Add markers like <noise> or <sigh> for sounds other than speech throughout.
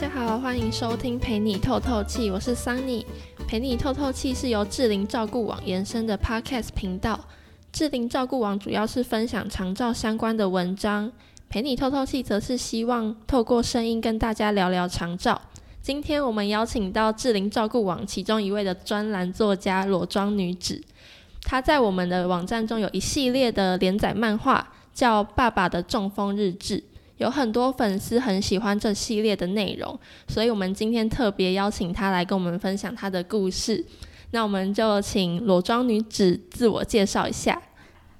大家好，歡迎收聽陪你透透氣，我是《陪你透透氣》，我是 Sunny。《陪你透透氣》是由智齡照顧網延伸的 Podcast 頻道。智齡照顧網主要是分享長照相關的文章，《陪你透透氣》則是希望透過聲音跟大家聊聊長照。今天我們邀請到智齡照顧網其中一位的專欄作家裸裝女紙，她在我們的網站中有一系列的連載漫畫，叫《爸爸的中風日誌》。有很多粉絲很喜歡這系列的內容，所以我們今天特別邀請她來跟我們分享她的故事。那我們就請裸裝女紙自我介紹一下。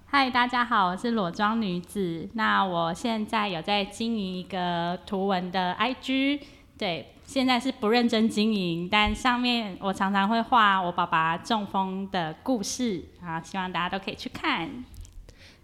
嗨，大家好，我是裸裝女紙。那我現在有在經營一個圖文的 IG，對，現在是不認真經營，但上面我常常會畫我爸爸中風的故事啊，希望大家都可以去看。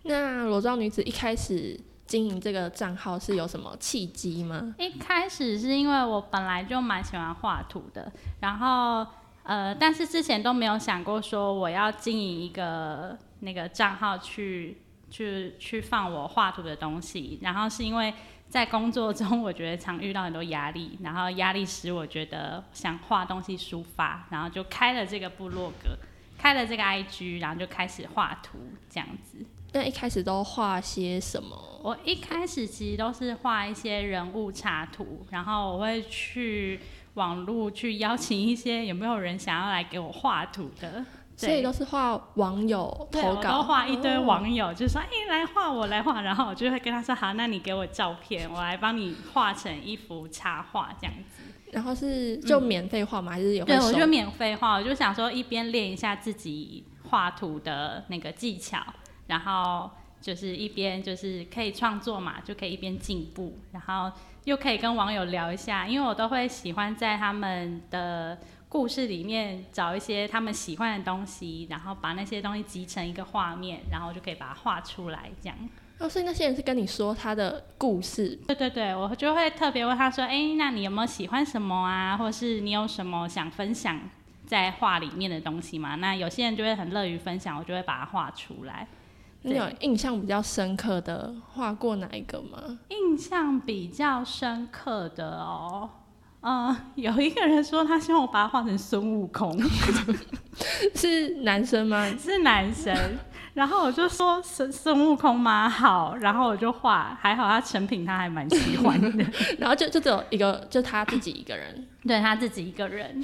那裸裝女紙一開始。經營這個賬號是有什麼契機嗎？一開始是因為我本來就蠻喜歡畫圖的，然後呃，但是之前都沒有想過說我要經營一個那個賬號去去去放我畫圖的東西。然後是因為在工作中，我覺得常遇到很多壓力，然後壓力使我覺得想畫東西抒發，然後就開了這個部落格，開了這個 IG，然後就開始畫圖這樣子。那一開始都畫些什麼？我一開始其實都是畫一些人物插圖，然後我會去網絡去邀請一些有沒有人想要來給我畫圖的對，所以都是畫網友投稿，畫一堆網友，哦、就說哎、欸，來畫我來畫，然後我就會跟他說好，那你給我照片，我來幫你畫成一幅插畫這樣子。然後是就免費畫嗎、嗯？還是有對，我就免費畫，我就想說一邊練一下自己畫圖的那個技巧。然後就是一邊就是可以創作嘛，就可以一邊進步，然後又可以跟網友聊一下。因為我都會喜歡在他們的故事裡面找一些他們喜歡的東西，然後把那些東西集成一個畫面，然後就可以把它畫出來。這樣。哦，所以那些人是跟你說他的故事？對對對，我就會特別問他說：“哎，那你有沒有喜歡什麼啊？或是你有什麼想分享在畫裡面的東西嗎？”那有些人就會很樂於分享，我就會把它畫出來。你有印象比較深刻的畫過哪一個嗎？印象比較深刻的哦，嗯，有一個人說他希望我把他畫成孫悟空， <laughs> 是男生嗎？是男生。 <laughs> 然後我就說孫孫悟空嗎？好，然後我就畫，還好他成品他還蠻喜歡的。 <laughs> 然後就就只有一個，就他自己一個人，對他自己一個人。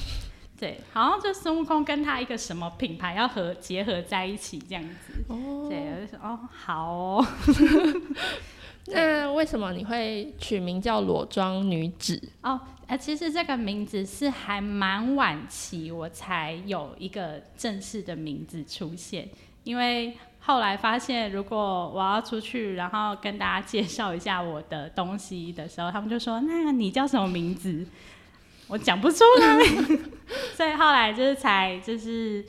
對，好像就孫悟空跟他一個什麼品牌要合結合在一起這樣子。哦，對，我就說哦好哦 <laughs> 那為什麼你會取名叫裸裝女紙？哦、呃，其實這個名字是還蠻晚期我才有一個正式的名字出現，因為後來發現如果我要出去，然後跟大家介紹一下我的東西的時候，他們就說：那你叫什麼名字？ <laughs> 我講不出來 <laughs> <laughs> 所以後來就是才就是，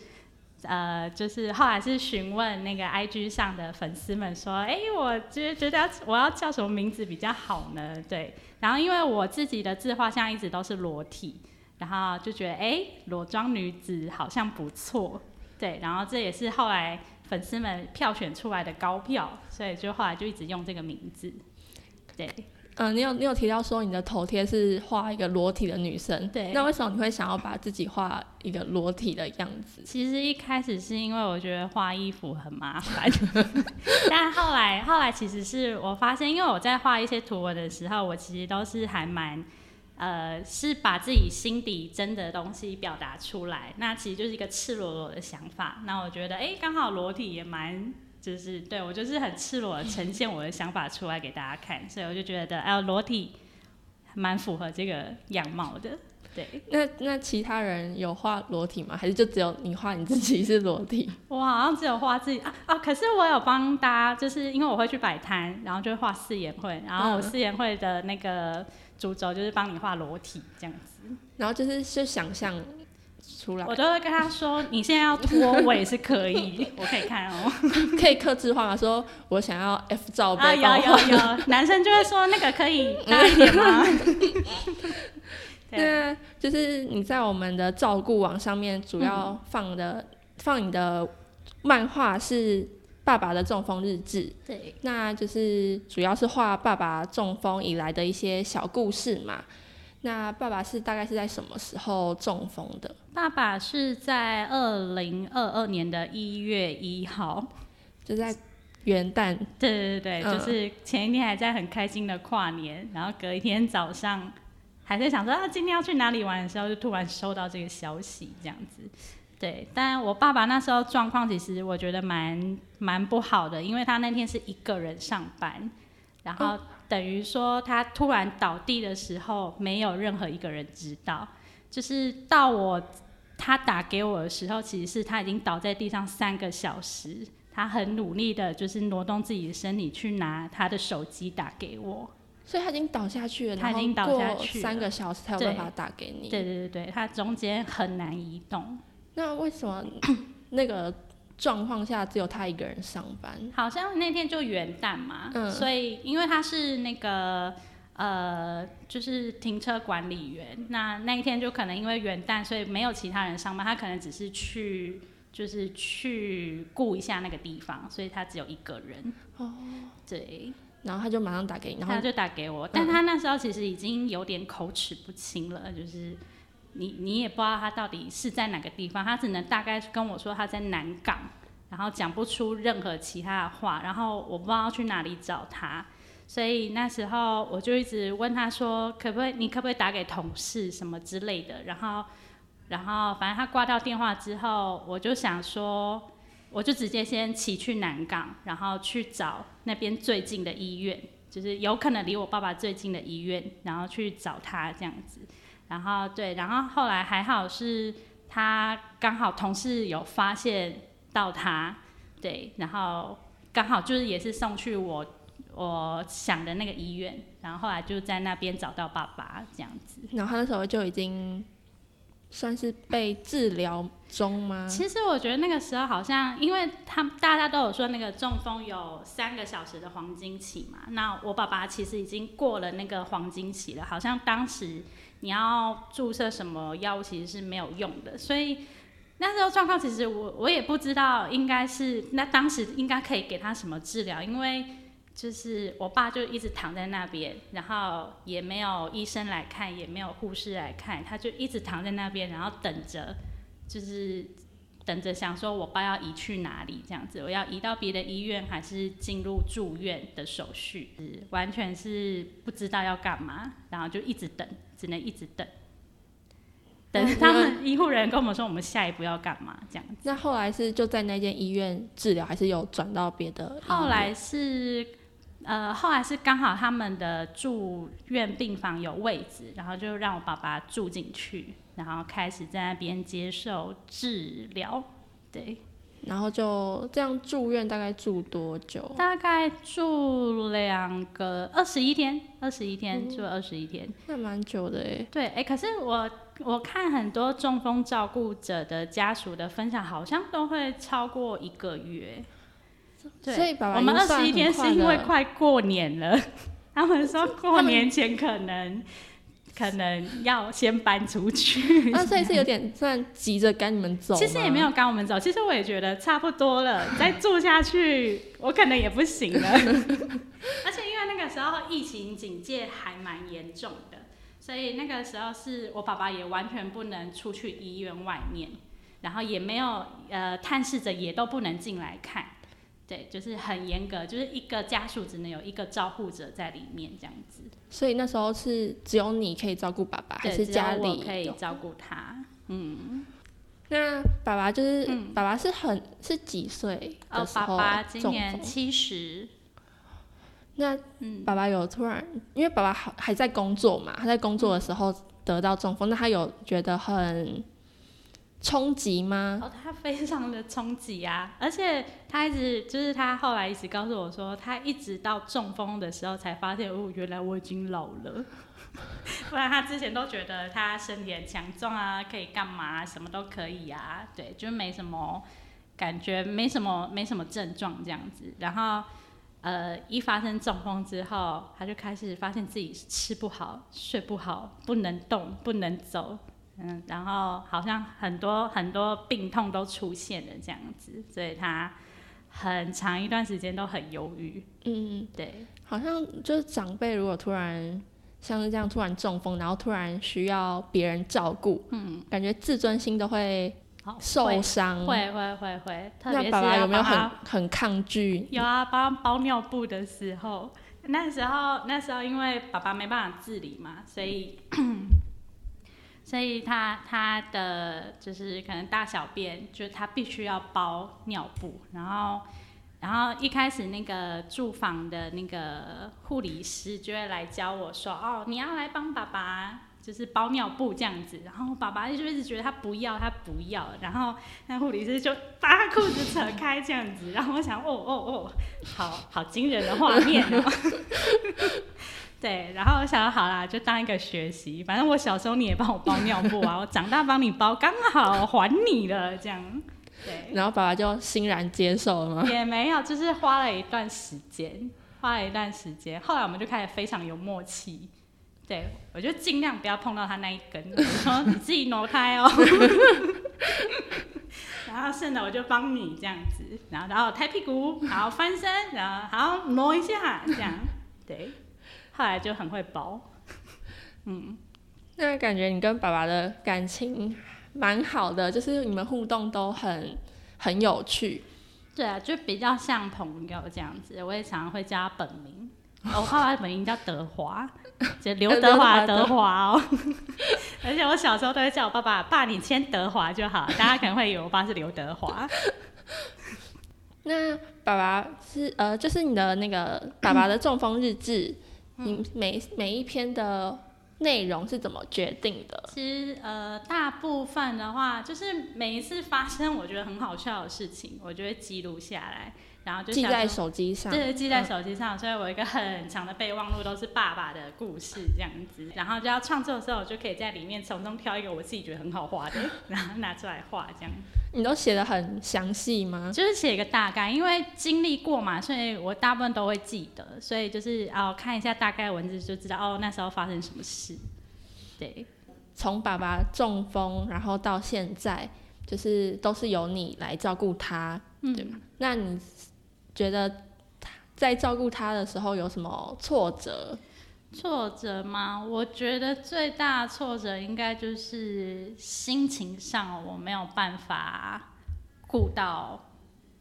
呃，就是後來是詢問那個 I G 上的粉絲們說，哎、欸，我覺覺得我要叫什麼名字比較好呢？對，然後因為我自己的自畫像一直都是裸體，然後就覺得哎、欸，裸裝女紙好像不錯，對，然後這也是後來粉絲們票選出來的高票，所以就後來就一直用這個名字，對。嗯、呃，你有你有提到說你的頭貼是畫一個裸體的女生，對，那為什麼你會想要把自己畫一個裸體的樣子？其實一開始是因為我覺得畫衣服很麻煩， <laughs> 但後來後來其實是我發現，因為我在畫一些圖文的時候，我其實都是還蠻呃，是把自己心底真的東西表達出來，那其實就是一個赤裸裸的想法，那我覺得哎，剛好裸體也蠻。就是對，我就是很赤裸呈現我的想法出來給大家看， <laughs> 所以我就覺得哎、啊，裸體蠻符合這個樣貌的。對，那那其他人有畫裸體嗎？還是就只有你畫你自己是裸體？我， <laughs> 好像只有畫自己啊啊！可是我有幫大家，就是因為我會去擺攤，然後就會畫四眼會，然後四眼會的那個主軸就是幫你畫裸體這樣子， <laughs> 然後就是是想象。出來，我都會跟他說，你現在要脫我也是可以， <laughs> 我可以看哦， <laughs> 可以客製化，說我想要 F 罩杯有有、啊、有，有有 <laughs> 男生就會說那個可以大一點嗎？ <laughs> <laughs> 對就是你在我們的照顧網上面主要放的、嗯、放你的漫畫是爸爸的中風日志，對，那就是主要是畫爸爸中風以來的一些小故事嘛。那爸爸是大概是在什麼時候中風的？爸爸是在二零二二年的一月一號，就在元旦。對對對，嗯，就是前一天還在很開心的跨年，然後隔一天早上，還在想說他，啊，今天要去哪裡玩的時候，就突然收到這個消息，這樣子。對，但我爸爸那時候狀況其實我覺得蠻蠻不好的，因為他那天是一個人上班，然後，哦。等於說他突然倒地的時候，沒有任何一個人知道。就是到我他打給我的時候，其實是他已經倒在地上三個小時，他很努力的就是挪動自己的身體去拿他的手機打給我。所以他已經倒下去了，他已經倒下去了三個小時才有辦法打給你？對。對對對對，他中間很難移動。那為什麼 <coughs> 那個？狀況下只有他一個人上班，好像那天就元旦嘛，嗯、所以因為他是那個呃，就是停車管理員，那那一天就可能因為元旦，所以沒有其他人上班，他可能只是去就是去顧一下那個地方，所以他只有一個人。哦，對，然後他就馬上打給你，他就打給我，但他那時候其實已經有點口齒不清了，嗯、就是。你你也不知道他到底是在哪個地方，他只能大概跟我說他在南港，然後講不出任何其他的話，然後我不知道去哪裡找他，所以那時候我就一直問他說可不可以，你可不可以打給同事什麼之類的，然後然後反正他掛掉電話之後，我就想說，我就直接先騎去南港，然後去找那邊最近的醫院，就是有可能離我爸爸最近的醫院，然後去找他這樣子。然後對，然後後來還好是他剛好同事有發現到他，對，然後剛好就是也是送去我我想的那個醫院，然後後來就在那邊找到爸爸這樣子。然後他那時候就已經算是被治療中嗎？其實我覺得那個時候好像，因為他大家都有說那個中風有三個小時的黃金期嘛，那我爸爸其實已經過了那個黃金期了，好像當時。你要注射什麼藥物，其實是沒有用的。所以那時候狀況，其實我我也不知道，應該是那當時應該可以給他什麼治療？因為就是我爸就一直躺在那邊，然後也沒有醫生來看，也沒有護士來看，他就一直躺在那邊，然後等着，就是等着想說我爸要移去哪裡這樣子，我要移到別的醫院，還是進入住院的手續？完全是不知道要幹嘛，然後就一直等。只能一直等，嗯，等他們、嗯、醫護人員跟我們說我們下一步要幹嘛這樣子。那後來是就在那間醫院治療，還是有轉到別的？後來是，呃，後來是剛好他們的住院病房有位置，然後就讓我爸爸住進去，然後開始在那邊接受治療，對。然後就這樣住院，大概住多久？大概住兩個二十一天，二十一天、嗯、住了二十一天，那蠻久的耶。對，哎、欸，可是我我看很多中風照顧者的家屬的分享，好像都會超過一個月。嗯、對，所以爸爸，我們二十一天是因為快過年了， <laughs> 他們說過年前可能。可能要先搬出去， <laughs> 啊、所以是有點算急着趕你們走。 <laughs> 其實也沒有趕我們走，其實我也覺得差不多了，再住下去我可能也不行了。 <laughs> <laughs> 而且因為那個時候疫情警戒還蠻嚴重的，所以那個時候是我爸爸也完全不能出去醫院外面，然後也沒有呃探視者也都不能進來看。對，就是很嚴格，就是一個家屬只能有一個照護者在裡面這樣子。所以那時候是只有你可以照顧爸爸，還是家裡可以照顧他？嗯，那爸爸就是、嗯、爸爸是很是幾歲的時候、哦？爸爸今年七十。那爸爸有突然，因為爸爸還還在工作嘛，他在工作的時候得到中風，嗯、那他有覺得很。衝擊嗎？哦，他非常的衝擊啊，而且他一直就是他後來一直告訴我說，他一直到中風的時候才發現哦，原來我已經老了。 <laughs> 不然他之前都覺得他身體很強壯啊，可以幹嘛，啊，什麼都可以啊。對，就沒什麼感覺，沒什麼沒什麼症狀這樣子。然後呃，一發生中風之後，他就開始發現自己吃不好、睡不好、不能動、不能走。嗯，然後好像很多很多病痛都出現了這樣子，所以他很長一段時間都很憂鬱。嗯嗯，對，好像就是長輩如果突然像是這樣突然中風，然後突然需要別人照顧，嗯，感覺自尊心都會受傷。會會會會，那爸爸有沒有很爸爸很抗拒？有啊，幫他包尿布的時候，嗯、那時候那時候因為爸爸沒辦法自理嘛，所以。嗯所以他他的就是可能大小便，就他必須要包尿布。然後，然後一開始那個住房的那個護理師就會來教我說：“哦，你要來幫爸爸，就是包尿布這樣子。”然後爸爸就一直覺得他不要，他不要。然後那護理師就把他褲子扯開這樣子。然後我想：“哦哦哦，好好驚人的畫面。 <laughs> 然後” <laughs> 對，然後我想好啦，就當一個學習。反正我小時候你也幫我包尿布啊， <laughs> 我長大幫你包，剛好還你了這樣。對，然後爸爸就欣然接受了嗎？也沒有，就是花了一段時間，花了一段時間。後來我們就開始非常有默契。對，我就盡量不要碰到他那一根，我 <laughs> 說你自己挪開哦。 <laughs> <laughs> 然後剩的我就幫你這樣子，然後然後抬屁股，好翻身，然後好挪一下，這樣對。後來就很會包，嗯。那感覺你跟爸爸的感情蠻好的，就是你們互動都很很有趣。對啊，就比較像朋友這樣子。我也常常會叫他本名，哦、我爸爸的本名叫德華， <laughs> 就劉德華 <laughs> 德華哦。 <laughs> 而且我小時候都會叫我爸爸爸，你簽德華就好。大家可能會以為我爸是劉德華。 <laughs> 那爸爸是呃，就是你的那個爸爸的中風日誌， <coughs> 你每每一篇的內容是怎麼決定的？其實呃，大部分的話，就是每一次發生我覺得很好笑的事情，我就會記錄下來。然後就記在手機上，對，記在手機上，哦，所以我一個很長的備忘錄都是爸爸的故事這樣子。然後就要創作的時候，我就可以在裡面從中挑一個我自己覺得很好畫的， <laughs> 然後拿出來畫這樣。你都寫的很詳細嗎？就是寫一個大概，因為經歷過嘛，所以我大部分都會記得。所以就是哦，看一下大概文字就知道哦，那時候發生什麼事。對，從爸爸中風，然後到現在，就是都是由你來照顧他，嗯，對嗎？那你。覺得在照顧他的時候有什麼挫折？挫折嗎？我覺得最大的挫折應該就是心情上我沒有辦法顧到。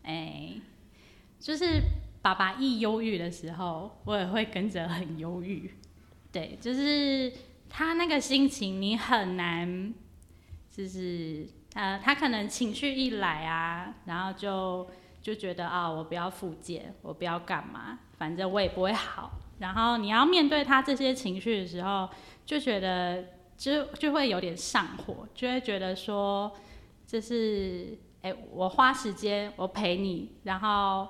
哎，就是爸爸一憂鬱的時候，我也會跟着很憂鬱。對，就是他那個心情你很難，就是他，呃，他可能情緒一來啊，然後就。就覺得啊，我不要復健，我不要幹嘛，反正我也不會好。然後你要面對他這些情緒的時候，就覺得就就會有點上火，就會覺得說，就是哎、欸，我花時間我陪你，然後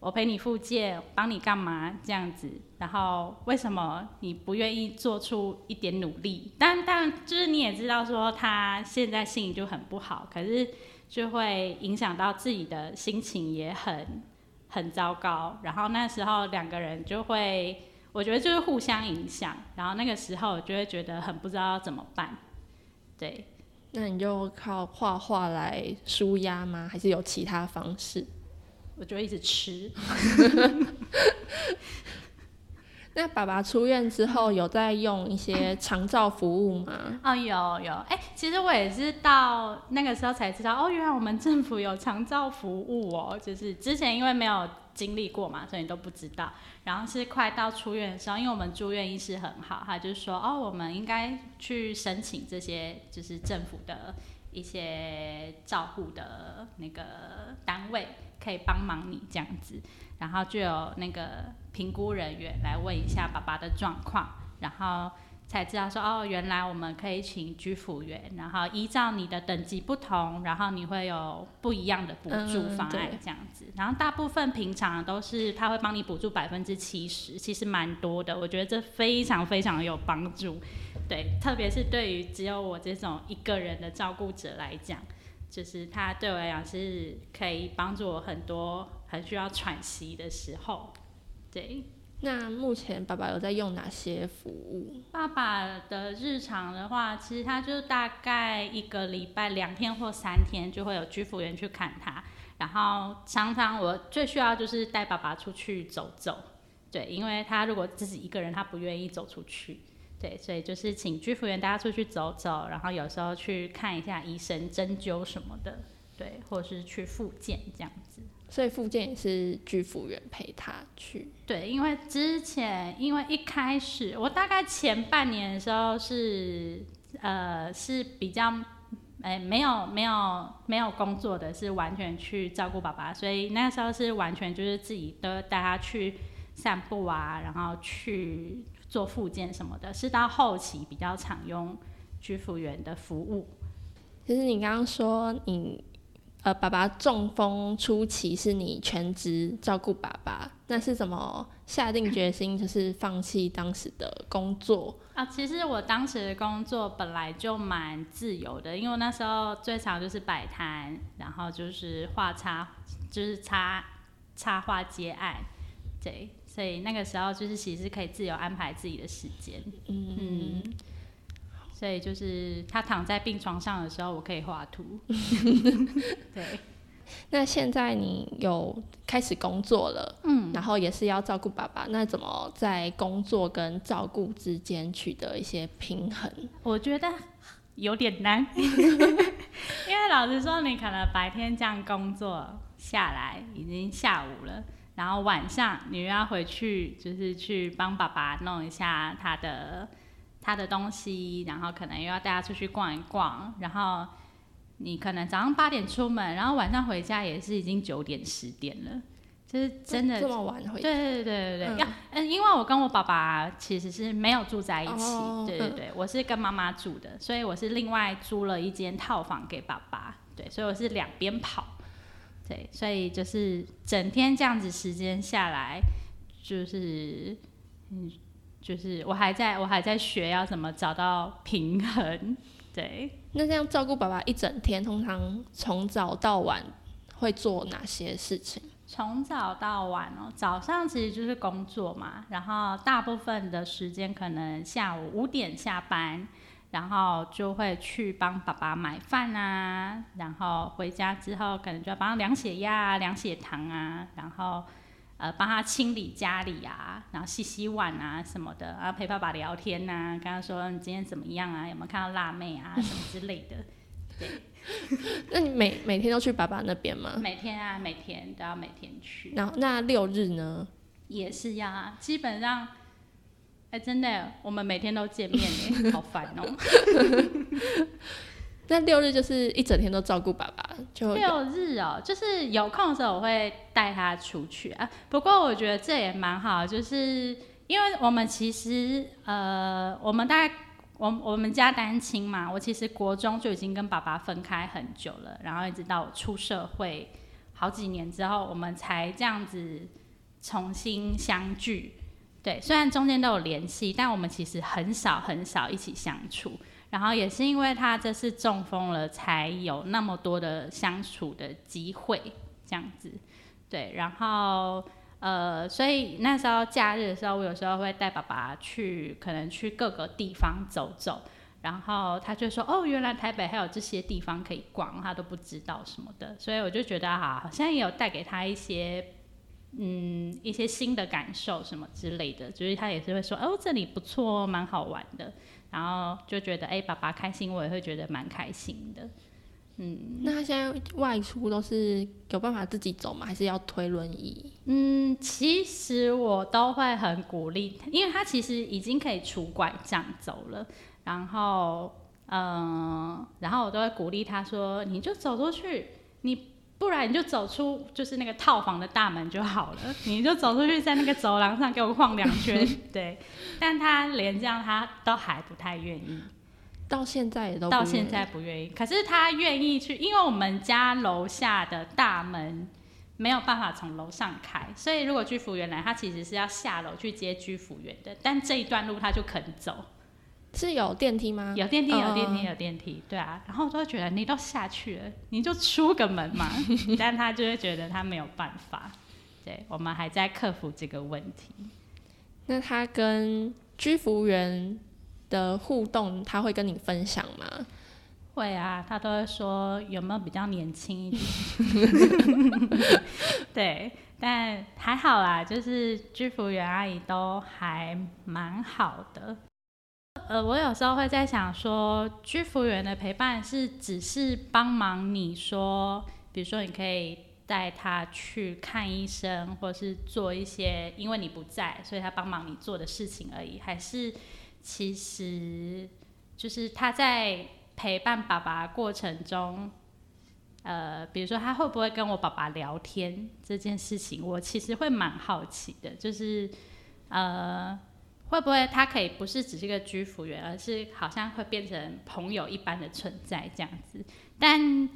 我陪你復健，幫你幹嘛這樣子，然後為什麼你不願意做出一點努力？但但就是你也知道說，他現在心理就很不好，可是。就會影響到自己的心情也很很糟糕，然後那時候兩個人就會，我覺得就是互相影響，然後那個時候我就會覺得很不知道要怎麼辦。對，那你就靠畫畫來舒壓嗎？還是有其他方式？我就一直吃。 <laughs> <laughs> 那爸爸出院之後有在用一些長照服務嗎？哦，有有，哎、欸，其實我也是到那個時候才知道，哦，原來我們政府有長照服務哦，就是之前因為沒有經歷過嘛，所以你都不知道。然後是快到出院的時候，因為我們住院醫師很好，他就是說，哦，我們應該去申請這些，就是政府的一些照護的那個單位，可以幫忙你這樣子。然後就有那個評估人員來問一下爸爸的狀況，然後才知道說哦，原來我們可以請居服員，然後依照你的等級不同，然後你會有不一樣的補助方案這樣子。嗯，然後大部分平常都是他會幫你補助百分之七十，其實蠻多的。我覺得這非常非常有幫助，對，特別是對於只有我這種一個人的照顧者來講，就是他對我來講是可以幫助我很多。才需要喘息的時候，對。那目前爸爸有在用哪些服務？爸爸的日常的話，其實他就大概一個禮拜兩天或三天就會有居服員去看他。然後常常我最需要就是帶爸爸出去走走，對，因為他如果自己一個人他不願意走出去，對，所以就是請居服員帶他出去走走，然後有時候去看一下醫生針灸什麼的，對，或者是去復健這樣子。所以復健也是居服員陪他去。對，因為之前，因為一開始我大概前半年的時候是，呃，是比較，哎，沒有沒有沒有工作的，是完全去照顧爸爸，所以那時候是完全就是自己都帶他去散步啊，然後去做復健什麼的，是到後期比較常用居服員的服務。其實你剛剛說你。呃，爸爸中風初期是你全職照顧爸爸，那是什麼下定決心就是放棄當時的工作啊？其實我當時的工作本來就蠻自由的，因為我那時候最常就是擺攤，然後就是畫插，就是插插畫接案，對，所以那個時候就是其實可以自由安排自己的時間，嗯。嗯對，就是他躺在病床上的時候，我可以畫圖。 <laughs> <laughs> 對，那現在你有開始工作了，嗯，然後也是要照顧爸爸，那怎麼在工作跟照顧之間取得一些平衡？我覺得有點難， <laughs> 因為老實說，你可能白天這樣工作下來已經下午了，然後晚上你又要回去，就是去幫爸爸弄一下他的。他的東西，然後可能又要帶他出去逛一逛，然後你可能早上八點出門，然後晚上回家也是已經九點十點了，就是真的這麼晚回家？對對對對對，對，嗯，因為我跟我爸爸其實是沒有住在一起，oh, okay. 對對對，我是跟媽媽住的，所以我是另外租了一間套房給爸爸，對，所以我是兩邊跑，對，所以就是整天這樣子時間下來，就是嗯。就是我還在我還在學要怎麼找到平衡。對，那這樣照顧爸爸一整天，通常從早到晚會做哪些事情？從早到晚哦，早上其實就是工作嘛，然後大部分的時間可能下午五點下班，然後就會去幫爸爸買飯啊，然後回家之後可能就要幫他量血壓啊，量血糖啊，然後。呃，幫他清理家裡啊，然後洗洗碗啊什麼的，然後陪爸爸聊天啊。跟他說你今天怎麼樣啊，有沒有看到辣妹啊 <laughs> 什麼之類的。對，那你每每天都去爸爸那邊嗎？每天啊，每天都要每天去。然後那六日呢？也是呀、啊，基本上，哎、欸、真的、欸，我們每天都見面耶、欸， <laughs> 好煩煩哦、喔。 <laughs> 那六日就是一整天都照顧爸爸就。六日哦？就是有空的時候我會帶他出去啊。不過我覺得這也蠻好，就是因為我們其實呃，我們大概我們我們家單親嘛，我其實國中就已經跟爸爸分開很久了，然後一直到我出社會好幾年之後，我們才這樣子重新相聚。對，雖然中間都有聯繫，但我們其實很少很少一起相處。然後也是因為他這次中風了，才有那麼多的相處的機會，這樣子，對。然後呃，所以那時候假日的時候，我有時候會帶爸爸去，可能去各個地方走走。然後他就說：“哦，原來台北還有這些地方可以逛，他都不知道什麼的。”所以我就覺得哈，好像也有帶給他一些嗯一些新的感受什麼之類的。所以他也是會說：“哦，這裡不錯，蠻好玩的。”然後就覺得，哎、欸，爸爸開心，我也會覺得蠻開心的。嗯，那他現在外出都是有辦法自己走嗎？還是要推輪椅？嗯，其實我都會很鼓勵，因為他其實已經可以拄拐杖走了。然後，嗯、呃，然後我都會鼓勵他說：“你就走出去，你。”不然你就走出就是那個套房的大門就好了，你就走出去在那個走廊上給我晃兩圈。 <laughs> 對，但他連這樣他都還不太願意，到現在也都到現在不願意。可是他願意去，因為我們家樓下的大門沒有辦法從樓上開，所以如果居服員來，他其實是要下樓去接居服員的，但這一段路他就肯走。是有電梯嗎？有電梯，有電梯、呃，有電梯，有電梯，對啊。然後我都會覺得，你都下去了，你就出個門嘛。 <laughs> 但他就會覺得他沒有辦法。對，我們還在克服這個問題。那他跟居服員的互動，他會跟你分享嗎？會啊，他都會說有沒有比較年輕一點？ <laughs> <laughs> 對，但還好啦，就是居服員阿姨都還蠻好的。呃，我有時候會在想說，居服員的陪伴是只是幫忙你說，比如說你可以帶他去看醫生，或是做一些因為你不在，所以他幫忙你做的事情而已，還是其實就是他在陪伴爸爸過程中，呃，比如說他會不會跟我爸爸聊天這件事情，我其實會蠻好奇的，就是呃。會不會他可以不是只是一個居服員，而是好像會變成朋友一般的存在這樣子？但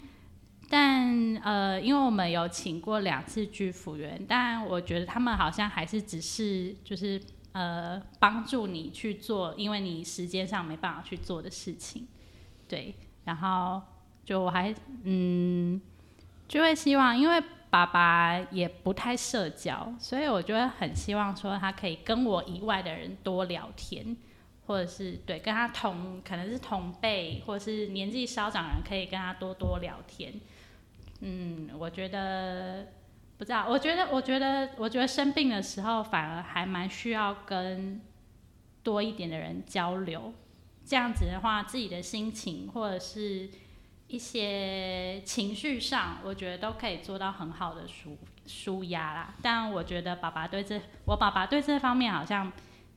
但呃，因為我們有請過兩次居服員，但我覺得他們好像還是只是就是呃，幫助你去做，因為你時間上沒辦法去做的事情，對。然後就我還嗯，就會希望因為。爸爸也不太社交，所以我覺得很希望說他可以跟我以外的人多聊天，或者是對，跟他同可能是同輩或者是年紀稍長的人可以跟他多多聊天。嗯，我覺得不知道，我覺得我覺得我覺得生病的時候反而還蠻需要跟多一點的人交流，這樣子的話自己的心情或者是。一些情緒上，我覺得都可以做到很好的紓紓壓啦。但我覺得爸爸對這，我爸爸對這方面好像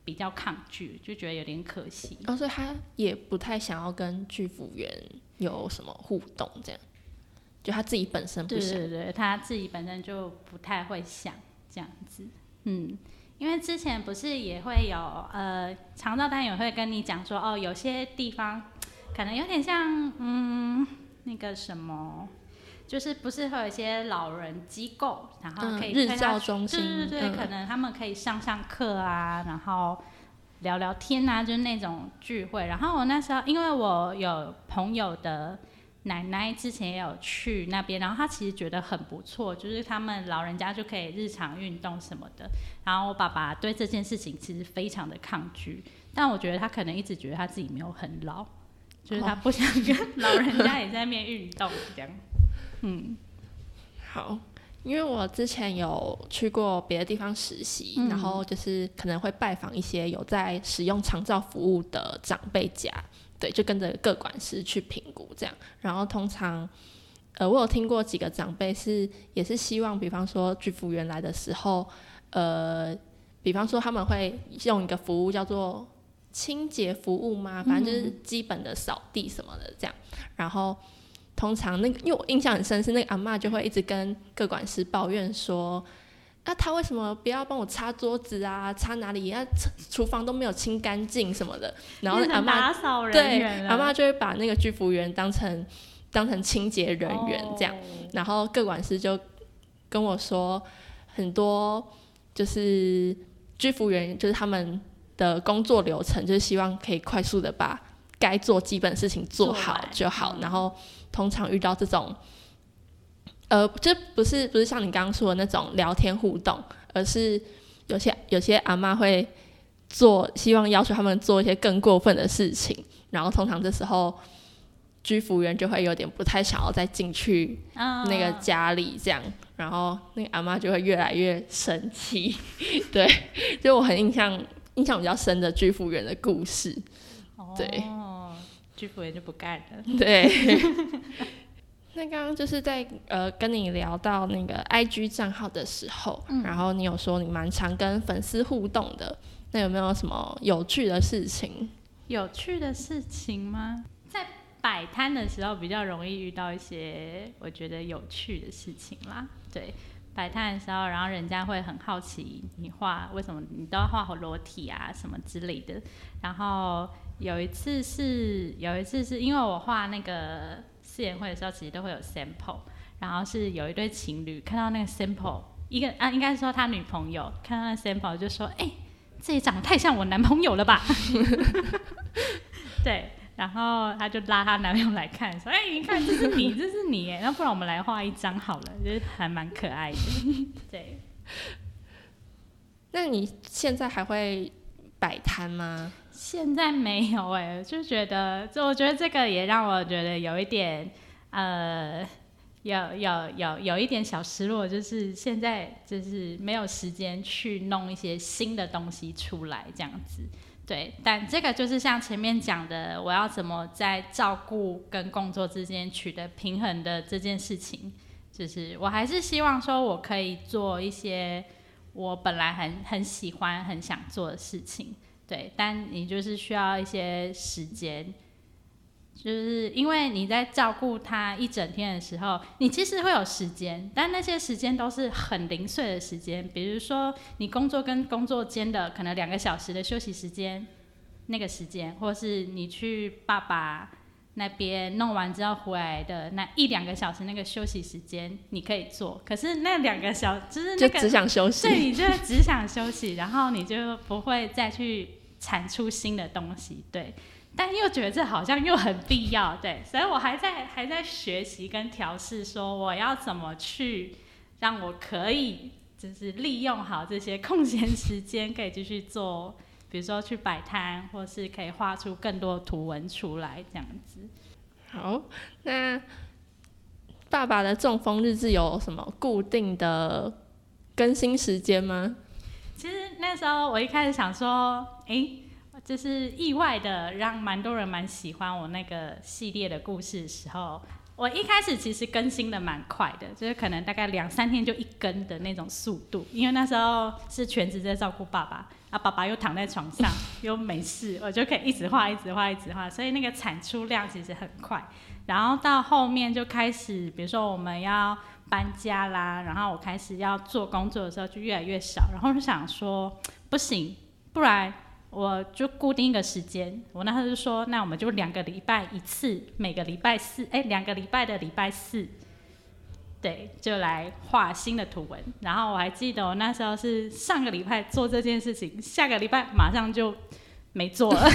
比較抗拒，就覺得有點可惜。哦，所以他也不太想要跟居服員有什麼互動，這樣。就他自己本身不，不對，對對，他自己本身就不太會想這樣子。嗯，因為之前不是也會有呃，長照單位也會跟你講說，哦，有些地方可能有點像，嗯。那個什麼，就是不是會有一些老人機構，然後可以、嗯、日照中心，就是、對對對、嗯，可能他們可以上上課啊，然後聊聊天啊，就是那種聚會。然後我那時候，因為我有朋友的奶奶之前也有去那邊，然後她其實覺得很不錯，就是他們老人家就可以日常運動什麼的。然後我爸爸對這件事情其實非常的抗拒，但我覺得他可能一直覺得他自己沒有很老。就是他不想跟老人家也在那邊運動這樣，oh.， <laughs> 嗯，好，因為我之前有去過別的地方實習，嗯，然後就是可能會拜訪一些有在使用長照服務的長輩家，對，就跟着個管師去評估這樣，然後通常，呃，我有聽過幾個長輩是也是希望，比方說，居服員來的時候，呃，比方說他們會用一個服務叫做。清潔服務嘛，反正就是基本的掃地什麼的這樣。嗯、然後通常那個，因為我印象很深，是那個阿嬤就會一直跟個管師抱怨說：“那、啊、他為什麼不要幫我擦桌子啊？擦哪裡啊，廚房都沒有清乾淨什麼的。”然後阿嬤，對，阿嬤就會把那個居服員當成當成清潔人員這樣。哦、然後個管師就跟我說很多，就是居服員就是他們。的工作流程就是希望可以快速的把該做基本的事情做好就好，然後通常遇到這種，呃，這不是不是，像你剛剛說的那種聊天互動，而是有些有些阿媽會做，希望要求他們做一些更過分的事情，然後通常這時候，居服員就會有點不太想要再進去那個家裡這樣，哦、然後那個阿媽就會越來越生氣，對，就我很印象。嗯印象比較深的居服員的故事，對，哦、居服員就不幹了。對。 <laughs> <laughs> 那剛剛就是在呃跟你聊到那個 IG 賬號的時候，嗯，然後你有說你蠻常跟粉絲互動的，那有沒有什麼有趣的事情？有趣的事情嗎？在擺攤的時候比較容易遇到一些我覺得有趣的事情啦，對。擺攤的時候，然後人家會很好奇你畫為什麼，你都要畫好裸體啊什麼之類的。然後有一次是，有一次是因為我畫那個試演會的時候，其實都會有 sample。然後是有一對情侶看到那個 sample，一個啊應該是說他女朋友看到那個 sample 就說：“哎、欸，這也長得太像我男朋友了吧？” <laughs> <laughs> 對。然後他就拉他男朋友來看，說：“哎、欸，你看，這是你，這是你，然 <laughs> 後不然我們來畫一張好了，就是還蠻可愛的。”對。 <laughs> 那你現在還會擺攤嗎？現在沒有哎，就覺得，就我覺得這個也讓我覺得有一點，呃，有有有有一點小失落，就是現在就是沒有時間去弄一些新的東西出來，這樣子。對，但這個就是像前面講的，我要怎麼在照顧跟工作之間取得平衡的這件事情，就是我還是希望說我可以做一些我本來很很喜歡、很想做的事情。對，但你就是需要一些時間。就是因為你在照顧他一整天的時候，你其實會有時間，但那些時間都是很零碎的時間。比如說，你工作跟工作間的可能兩個小時的休息時間，那個時間，或是你去爸爸那邊弄完之後回來的那一兩個小時那個休息時間，你可以做。可是那兩個小時，就是、那個、就只想休息，對，你就只想休息，然後你就不會再去產出新的東西，對。但又覺得這好像又很必要，對，所以我還在還在學習跟調適，說我要怎麼去讓我可以就是利用好這些空閒時間，可以繼續做，比如說去擺攤，或是可以畫出更多圖文出來這樣子。好，那爸爸的中風日誌有什麼固定的更新時間嗎？其實那時候我一開始想說，誒、欸……就是意外的讓蠻多人蠻喜歡我那個系列的故事的時候，我一開始其實更新的蠻快的，就是可能大概兩三天就一更的那種速度，因為那時候是全職在照顧爸爸，啊爸爸又躺在床上又沒事，我就可以一直畫一直畫一直畫，所以那個產出量其實很快。然後到後面就開始，比如說我們要搬家啦，然後我開始要做工作的時候就越來越少，然後就想說不行，不然。我就固定一個時間，我那時候就說，那我們就兩個禮拜一次，每個禮拜四，哎，兩個禮拜的禮拜四，對，就來畫新的圖文。然後我還記得我那時候是上個禮拜做這件事情，下個禮拜馬上就沒做了，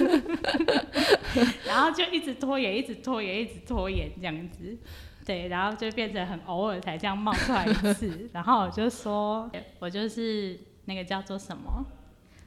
<laughs> <laughs> 然後就一直拖延，一直拖延，一直拖延這樣子。對，然後就變成很偶爾才這樣冒出來一次。 <laughs> 然後我就說，我就是那個叫做什麼？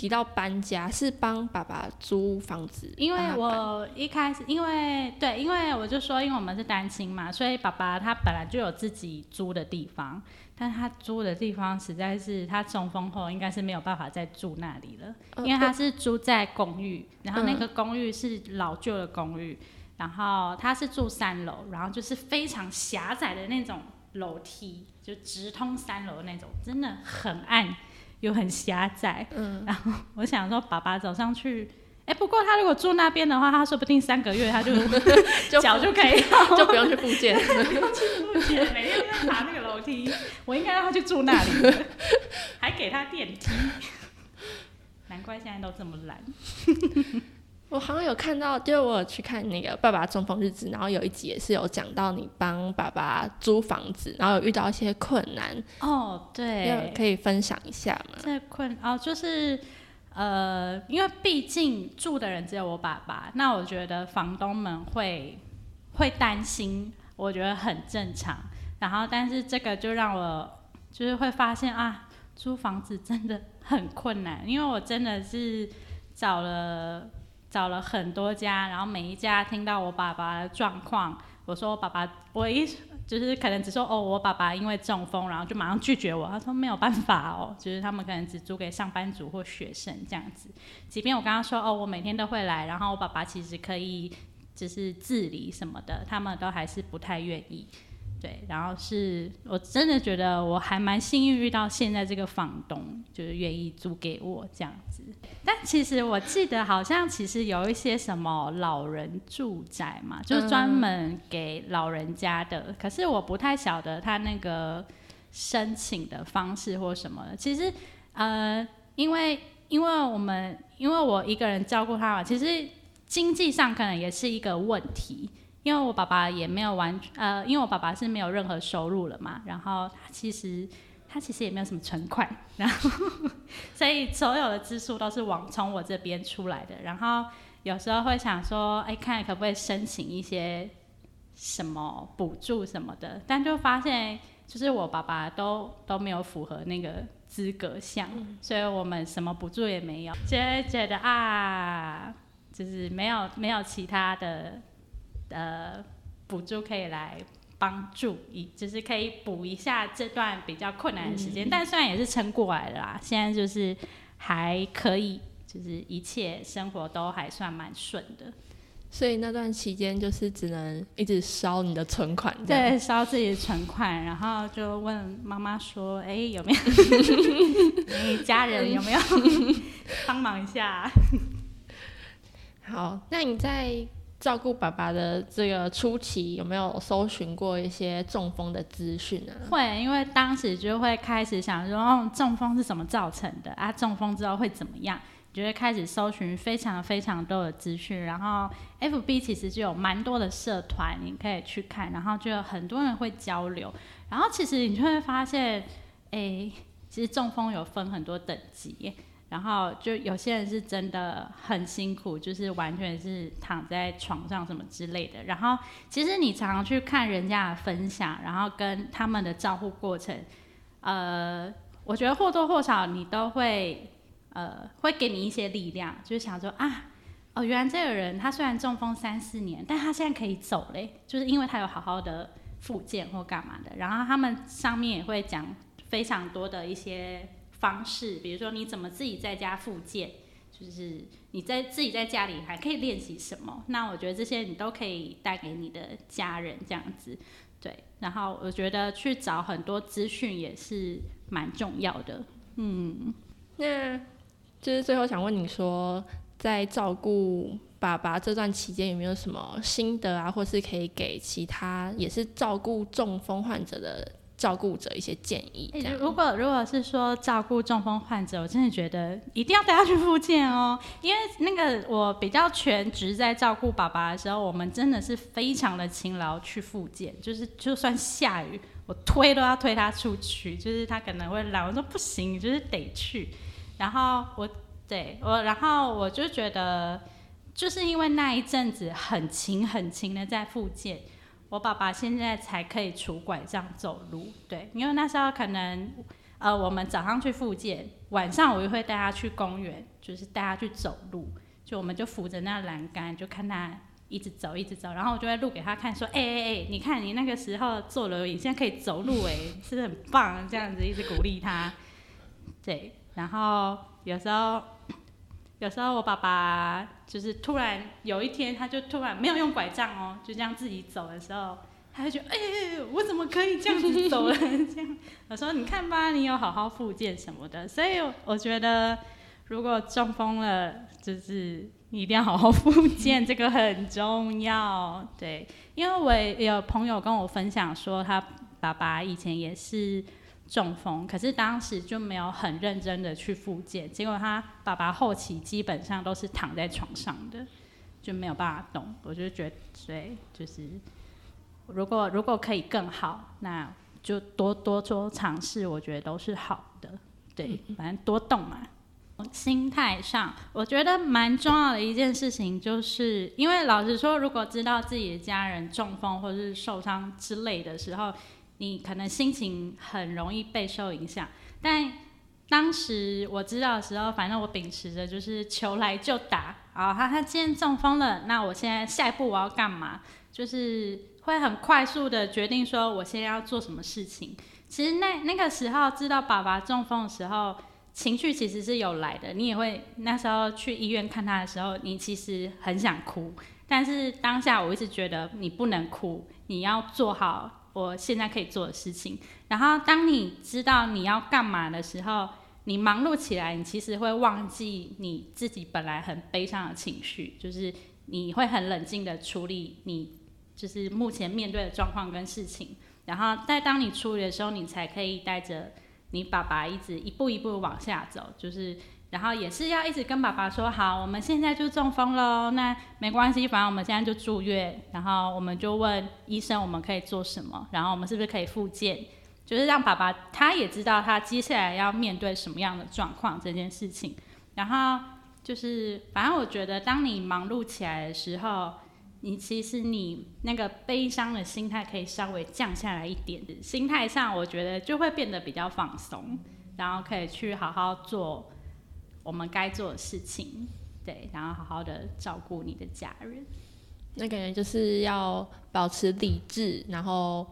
提到搬家是幫爸爸租房子，因為我一開始因為對，因為我就說因為我們是單親嘛，所以爸爸他本來就有自己租的地方，但他租的地方實在是他中風後應該是沒有辦法再住那裡了，嗯、因為他是住在公寓、嗯，然後那個公寓是老舊的公寓，然後他是住三樓，然後就是非常狹窄的那種樓梯，就直通三樓的那種，真的很暗。又很狹窄，嗯。然後我想說，爸爸走上去，哎、欸，不過他如果住那邊的話，他說不定三個月他就腳 <laughs> 就,就可以，就不用去復健。 <laughs> 不用去復健、欸，每天都爬那個樓梯。我應該讓他去住那裡， <laughs> 還給他電梯，難怪現在都這麼懶。 <laughs> 我好像有看到，就是我有去看那個《爸爸中風日誌》，然後有一集也是有講到你幫爸爸租房子，然後有遇到一些困難。哦，對，有可以分享一下嗎？在、這個、困哦，就是呃，因為畢竟住的人只有我爸爸，那我覺得房東們會會擔心，我覺得很正常。然後，但是這個就讓我就是會發現啊，租房子真的很困難，因為我真的是找了。找了很多家，然後每一家聽到我爸爸的狀況，我說我爸爸，我一就是可能只說哦，我爸爸因為中風，然後就馬上拒絕我。他說沒有辦法哦，就是他們可能只租給上班族或學生這樣子。即便我跟他說哦，我每天都會來，然後我爸爸其實可以就是自理什麼的，他們都還是不太願意。對，然後是我真的覺得我還蠻幸運，遇到現在這個房東，就是願意租給我這樣子。但其實我記得好像其實有一些什麼老人住宅嘛，嗯、就是專門給老人家的。可是我不太曉得他那個申請的方式或什麼。其實呃，因為因為我們因為我一個人照顧他嘛，其實經濟上可能也是一個問題。因為我爸爸也沒有完，呃，因為我爸爸是沒有任何收入了嘛，然後他其實他其實也沒有什麼存款，然後所以所有的支出都是往從我這邊出來的，然後有時候會想說，哎，看可不可以申請一些什麼補助什麼的，但就發現就是我爸爸都都沒有符合那個資格項，嗯，所以我們什麼補助也沒有，覺得覺得啊，就是沒有沒有其他的。呃，補助可以來幫助一，就是可以補一下這段比較困難的時間，嗯，但雖然也是撐過來的啦，現在就是還可以，就是一切生活都還算蠻順的。所以那段期間就是只能一直燒你的存款，對，燒自己的存款，然後就問媽媽說：“哎、欸，有沒有？哎 <laughs> 家人有沒有幫 <laughs> 忙一下？” <laughs> 好，那你在。照顧爸爸的這個初期，有沒有搜尋過一些中風的資訊啊？會，因為當時就會開始想說，中風是怎麼造成的啊？中風之後會怎麼樣？你就會開始搜尋非常非常多的資訊，然後 FB 其實就有蠻多的社團你可以去看，然後就有很多人會交流，然後其實你就會發現，哎，其實中風有分很多等級。然後就有些人是真的很辛苦，就是完全是躺在床上什麼之類的。然後其實你常常去看人家的分享，然後跟他們的照顧過程，呃，我覺得或多或少你都會呃會給你一些力量，就是想說啊，哦，原來這個人他雖然中風三四年，但他現在可以走嘞，就是因為他有好好的復健或幹嘛的。然後他們上面也會講非常多的一些。方式，比如說你怎麼自己在家復健，就是你在自己在家裡還可以練習什麼？那我覺得這些你都可以帶給你的家人這樣子，對。然後我覺得去找很多資訊也是蠻重要的，嗯。那就是最後想問你說，在照顧爸爸這段期間有沒有什麼心得啊，或是可以給其他也是照顧中風患者的？照顧者一些建議、欸。如果如果是說照顧中風患者，我真的覺得一定要帶他去復健哦。因為那個我比較全職在照顧爸爸的時候，我們真的是非常的勤勞去復健，就是就算下雨，我推都要推他出去。就是他可能會懶，我說不行，你就是得去。然後我對我，然後我就覺得，就是因為那一陣子很勤很勤的在復健。我爸爸現在才可以拄拐杖走路，對，因為那時候可能，呃，我們早上去復健，晚上我就會帶他去公園，就是帶他去走路，就我們就扶着那欄杆，就看他一直走，一直走，然後我就會錄給他看，說，哎哎哎，你看你那個時候坐輪椅，你現在可以走路哎、欸，是不是很棒？這樣子一直鼓勵他，對，然後有時候，有時候我爸爸。就是突然有一天，他就突然沒有用拐杖哦，就這樣自己走的時候，他就覺得哎、欸，我怎麼可以這樣子走了？ <laughs> 這樣，我說你看吧，你有好好復健什麼的，所以我覺得如果中風了，就是你一定要好好復健， <laughs> 這個很重要。對，因為我也有朋友跟我分享說，他爸爸以前也是。中風，可是當時就沒有很認真的去復健，結果他爸爸後期基本上都是躺在床上的，就沒有辦法動。我就覺得，所以就是如果如果可以更好，那就多多多嘗試，我覺得都是好的。對，反正多動嘛。嗯嗯，心態上，我覺得蠻重要的一件事情，就是因為老實說，如果知道自己的家人中風或是受傷之類的時候。你可能心情很容易被受影響，但當時我知道的時候，反正我秉持着就是求來就打啊。然後他他既然中風了，那我現在下一步我要幹嘛？就是會很快速的決定說我現在要做什麼事情。其實那那個時候知道爸爸中風的時候，情緒其實是有來的，你也會那時候去醫院看他的時候，你其實很想哭，但是當下我一直覺得你不能哭，你要做好。我現在可以做的事情。然後，當你知道你要幹嘛的時候，你忙碌起來，你其實會忘記你自己本來很悲傷的情緒，就是你會很冷靜的處理你就是目前面對的狀況跟事情。然後，在當你處理的時候，你才可以帶着你爸爸一直一步一步往下走，就是。然後也是要一直跟爸爸說好，我們現在就中風嘍。那沒關係，反正我們現在就住院。然後我們就問醫生，我們可以做什麼？然後我們是不是可以復健？就是讓爸爸他也知道他接下來要面對什麼樣的狀況這件事情。然後就是反正我覺得，當你忙碌起來的時候，你其實你那個悲傷的心態可以稍微降下來一點，心態上我覺得就會變得比較放鬆，然後可以去好好做。我們該做的事情，對，然後好好的照顧你的家人，那感覺就是要保持理智，嗯、然後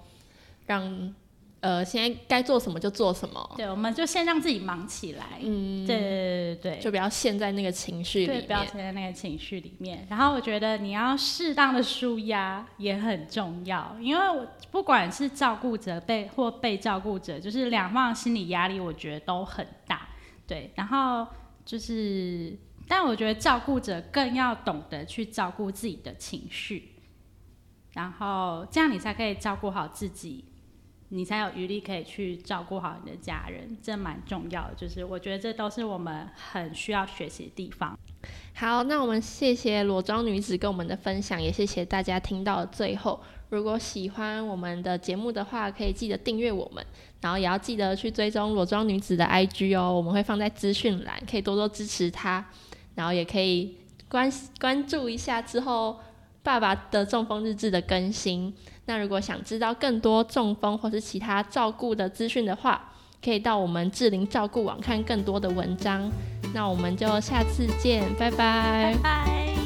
讓呃，現在該做什麼就做什麼。對，我們就先讓自己忙起來。嗯，對對對對對，就不要陷在那個情緒裡面，對。不要陷在那個情緒裡面。然後我覺得你要適當的舒壓也很重要，因為我不管是照顧者被或被照顧者，就是兩方心理壓力，我覺得都很大。對，然後。就是，但我覺得照顧者更要懂得去照顧自己的情緒，然後這樣你才可以照顧好自己，你才有餘力可以去照顧好你的家人，這蠻重要的。就是我覺得這都是我們很需要學習的地方。好，那我們謝謝裸裝女紙跟我們的分享，也謝謝大家聽到最後。如果喜歡我們的節目的話，可以記得訂閱我們。然後也要記得去追蹤裸裝女紙的 IG 哦，我們會放在資訊欄，可以多多支持她。然後也可以關關注一下之後爸爸的中風日誌的更新。那如果想知道更多中風或是其他照顧的資訊的話，可以到我們智齡照顧網看更多的文章。那我們就下次見，拜拜。拜拜。